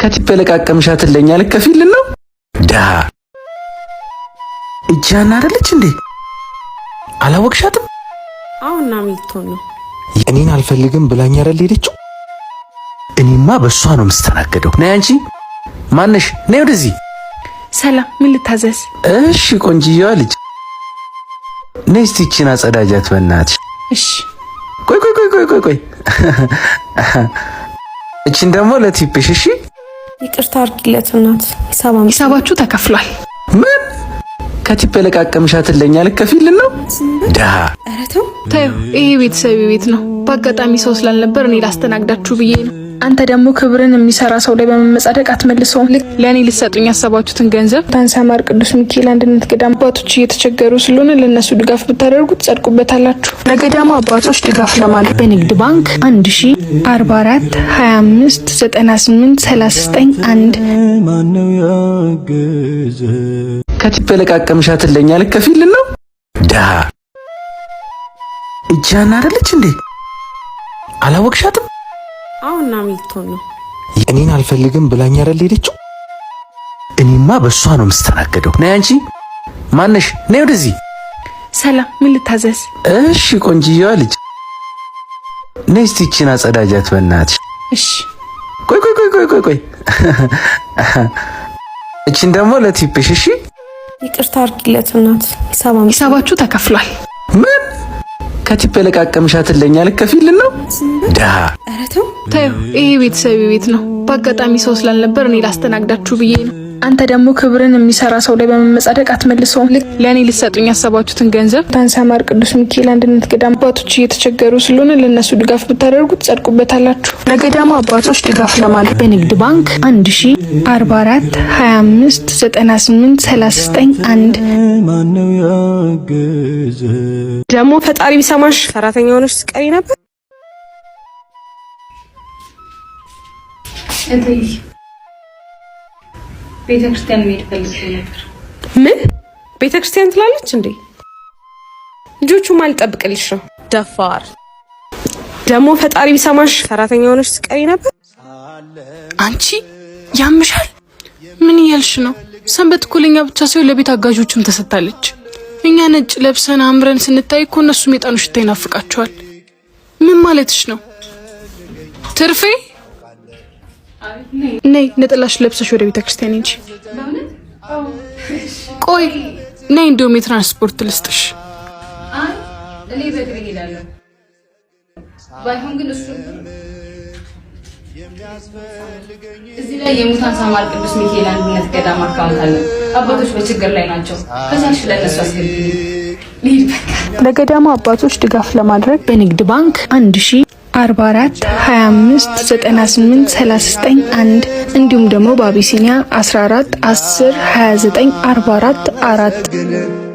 ከቲፕ በለቃቀምሻትን ለእኛ ልከፊልን ነው ዳ እጃና አደለች እንዴ አላወቅሻትም? አሁና ሚልቶን ነው እኔን አልፈልግም ብላኝ አይደል ሄደችው። እኔማ በእሷ ነው የምስተናገደው። ነይ አንቺ ማነሽ? ነይ ወደዚህ። ሰላም፣ ምን ልታዘዝ? እሺ ቆንጅዬዋ ልጅ ነይ እስቲ ይቺን አጸዳጃት በእናትሽ። እሺ። ቆይ ቆይ ቆይ ቆይ ቆይ ቆይ፣ እቺን ደግሞ ለቲፕሽ። እሺ ይቅርታ አድርጊለት እናት፣ ሂሳባችሁ ተከፍሏል። ምን ከቲፕ የለቃቀምሻትን ለእኛ ልከፊልን ነው? ዳ ኧረ ተው ተይው። ይሄ ቤተሰብ ቤት ነው። በአጋጣሚ ሰው ስላልነበር እኔ ላስተናግዳችሁ ብዬ ነው። አንተ ደግሞ ክብርን የሚሰራ ሰው ላይ በመመጻደቅ አትመልሰውም። ልክ ለእኔ ልትሰጡኝ ያሰባችሁትን ገንዘብ ታንሳማር ቅዱስ ሚካኤል አንድነት ገዳም አባቶች እየተቸገሩ ስለሆነ ለእነሱ ድጋፍ ብታደርጉ ትጸድቁበታላችሁ። ለገዳሙ አባቶች ድጋፍ ለማድረግ በንግድ ባንክ 1 ማነው ያገዘ ከቲፕ ለቃቀምሻትን ለእኛ ልከፊል ነው ድሃ እጃን አደለች እንዴ አላወቅሻትም? አሁና ሚልቶን ነው እኔን አልፈልግም ብላኝ አይደል ሄደችው። እኔማ በእሷ ነው የምስተናገደው። ነይ አንቺ ማነሽ? ነይ ወደዚህ። ሰላም፣ ምን ልታዘዝ? እሺ ቆንጅዬዋ ልጅ ነይ እስቲ ይቺን አጸዳጃት በእናትሽ። እሺ። ቆይ ቆይ ቆይ ቆይ ቆይ፣ እቺን ደግሞ ለቲፕሽ። እሺ። ይቅርታ አድርጊለት እናት፣ ሂሳባችሁ ተከፍሏል። ምን ከቲፕ የለቃቀምሻትን ለኛ ልከፊልን ነው? ደሃ ኧረ ተው ታዩ፣ ይሄ ቤተሰብ ቤት ነው። በአጋጣሚ ሰው ስላልነበር እኔ ላስተናግዳችሁ ብዬ ነው። አንተ ደግሞ ክብርን የሚሰራ ሰው ላይ በመመጻደቅ አትመልሰውም። ልክ ለእኔ ልትሰጡኝ ያሰባችሁትን ገንዘብ ታንሳማር ቅዱስ ሚካኤል አንድነት ገዳም አባቶች እየተቸገሩ ስለሆነ ለእነሱ ድጋፍ ብታደርጉ ትጸድቁበታላችሁ። ለገዳሙ አባቶች ድጋፍ ለማድረግ በንግድ ባንክ 1044 25 98 39 ደግሞ ፈጣሪ ቢሰማሽ ሰራተኛ ሆነሽ ስቀሪ ነበር። ምን ቤተ ክርስቲያን ትላለች እንዴ? ልጆቹ ማልጠብቅልሽ ነው። ደፋር ደግሞ ፈጣሪ ቢሰማሽ ሰራተኛ ሆነሽ ስቀሪ ነበር። አንቺ ያምሻል። ምን እያልሽ ነው? ሰንበት እኮ ለኛ ብቻ ሲሆን ለቤት አጋዦችም ተሰጥታለች። እኛ ነጭ ለብሰን አምረን ስንታይ እኮ እነሱም የጣኑ ሽታ ይናፍቃቸዋል። ምን ማለትሽ ነው ትርፌ? ነይ ነጠላሽ ለብሰሽ ወደ ቤተ ክርስቲያን እንጂ። ቆይ ነይ እንዲሁም የትራንስፖርት ልስጥሽ። እዚህ ላይ የሙታን ሳማር ቅዱስ ሚካኤል አንድነት ገዳም አካውንት አለ። አባቶች በችግር ላይ ናቸው። ከዛሽ ለነሱ ለገዳሙ አባቶች ድጋፍ ለማድረግ በንግድ ባንክ አንድ ሺህ 44 25 98 39 1 እንዲሁም ደግሞ በአቢሲኒያ 14 10 29 44 4